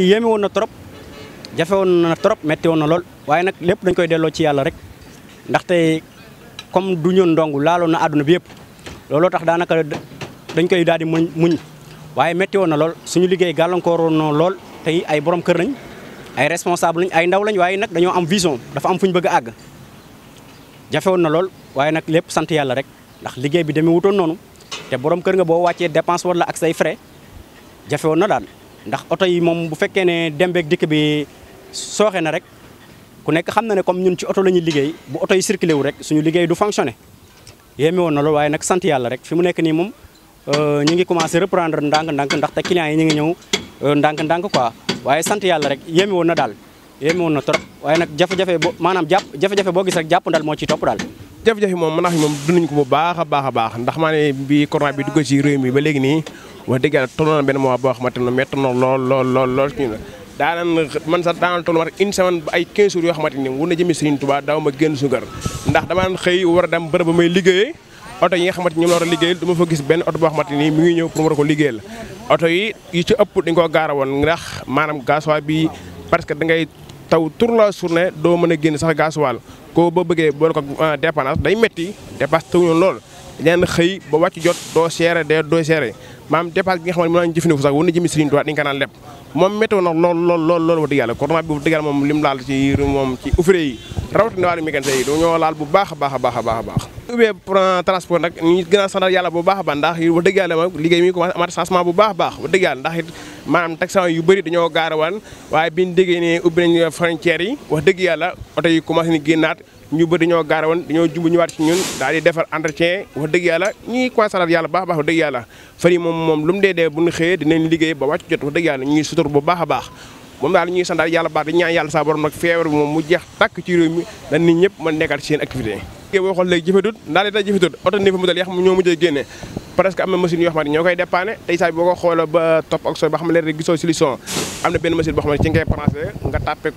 yéeme woon na trop jafewoon na trop metti woon na lool waaye nag lépp dañ koy delloo ci yàlla rek ndaxte comme du ñoon ndongu laaloon na àdduna bi yëpp looloo tax daanaka dañ koy daal di muñ muñ waaye metti na lool suñu liggéey gàllankooroon na lool te ay borom kër lañ ay responsable lañ ay ndaw lañ waaye nag dañoo am vision dafa am fu ñu bëgg àgg jafe woon na lool waaye nag lépp sant yàlla rek ndax liggéey bi demee wutoon noonu te borom kër nga boo wàccee dépense wala ak say frais jafe woon ndax oto yi moom bu fekkee ne dembeek dikk bi sooxee na rek ku nekk xam na ne comme ñun ci oto la ñuy liggéey bu oto yi circulé wu rek suñu liggéey du fonctionné yéeme woon na loolu waaye nag sant yàlla rek fi mu nekk nii moom euh, ñu ngi commencé reprendre ndànk-ndànk ndax te yi ñu ngi ñëw euh, ndànk-ndànk quoi waaye sant yàlla rek yéeme woon na daal yéeme woon na trop waaye nag jafe-jafe bo maanaam jàpp jafe boo gis rek jàpp ndal moo ciy topp daal jafe-jafe moom mën naa xam moom dunduñ ko bu baax a baax a baax ndax maa ne bi corona bi dugg ci réew mi ba léegi nii wax dëgg yàlla toll na benn mois boo xamante lool lool lool lool suñu daanan man sax daanal toll war une semaine ba ay 15 jours yoo a dem bërëb ba oto yi nga xamante ni ñoom la war a liggéeyal ma fa gis benn oto boo xamante ni mi ngi ñëw pour mu war oto yi dañ koo gaara woon ndax maanaam gasoil bi parce que da ngay taw tour la journée doo mën a génn sax gasoil koo ba bëggee boole ko euh, dépendance day métti dépasse tawñoon lool ñaan xëy ba wàcc jot doo seere dee doo seere maanaam dépense bi nga xam ne mën nañu jëfandikoo sax war na jëmi Serigne Touba dañu leb moom météo nag lool lool lool wax dëgg yàlla corona bi wax dëgg laal bu baax a baax a baax a baax ubbee transport nag ñu gën a yàlla bu baax a baax ndax wax dëgg yàlla moom liggéey mi commencé amaat changement bu baax a baax wax dëgg yàlla ndax it maanaam taxaw yu bëri dañoo gaarawan waaye biñ déggee ne ubbi nañ frontières yi wax dëgg yàlla oto ñu bëri ñoo gaara woon dañoo jumb ñëwaat ci ñun daal di defar entretien wax dëgg yàlla ñuy commencé salaat yàlla baax baax wax dëgg yàlla fari moom moom lu mu dee dee bu ñu xëyee dinañ liggéey ba wàcc jot wax dëgg yàlla ñuy sutur bu baax a baax moom daal ñuy sandaal yàlla baax di ñaan yàlla saa borom nag feebar bi moom mu jeex tàkk ci réew mi dañ nit ñëpp mën nekkaat seen activité boo xool léegi jëfetut ndaa lee tay jëfetut oto ni fa mu dal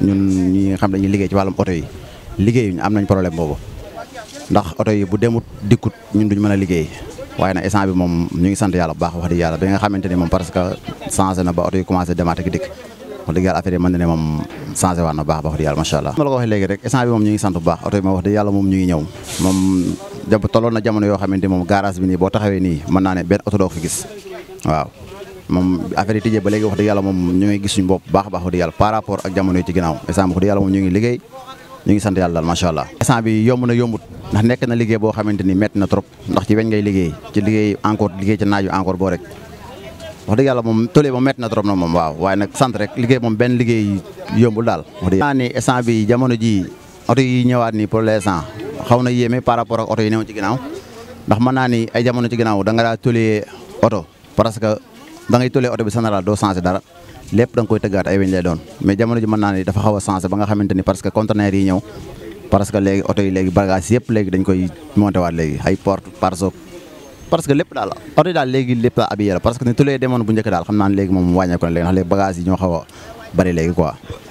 ñun ñi nga xam dañuy liggéey ci wàllum oto yi liggéeyuñu am nañ problème boobu ndax oto yi bu demut dikkut ñun duñ mën a liggéey waaye nag instant bi moom ñu ngi sant yàlla bu baax wax dëgg yàlla bi nga moom parce que changé na ba moom changé waat na baax la ko waxee léegi rek ngi sant bu baax oto yi yàlla moom ñu ngi ñëw moom jab tolloon na jamono yoo xamante moom garage bi nii boo taxawee nii mën naa ne benn oto doo fi gis waaw moom affaire yi tijjee ba léegi wax dëgg yàlla moom ñu ngi gis suñu bopp baax baax wax dëgg yàlla par rapport ak jamono yi ci ginnaaw instant bi wax moom ñu ngi liggéey ñu ngi sant yàlla daal macha allah instant bi yomb na yombut ndax nekk na liggéey boo xamante ni metti na trop ndax ci weñ ngay liggéey ci liggéey encore liggéey ci naaju encore boo rek wax dëgg moom tolee moom metti na trop na moom waaw waaye nag sant rek liggéey moom benn liggéey yombul daal wax yi ñëwaat na naa ni ay jamono ci ginnaaw da nga daa tolee oto parce da ngay tulee oto bi général doo changé dara lépp da nga koy tëggaat ay weñ lay doon mais jamono ji mën naa dafa xaw a changé ba nga xamante ni parce que conteneur yi ñëw parce que léegi yi léegi bagage yëpp léegi dañ koy monté waat léegi ay porte parso parce que lépp daal oto yi daal léegi lépp daal abiyé parce que ni tulee demoon bu njëkk daal xam naa ne léegi moom wàññeeku na léegi ndax bagage yi ñoo xaw a léegi quoi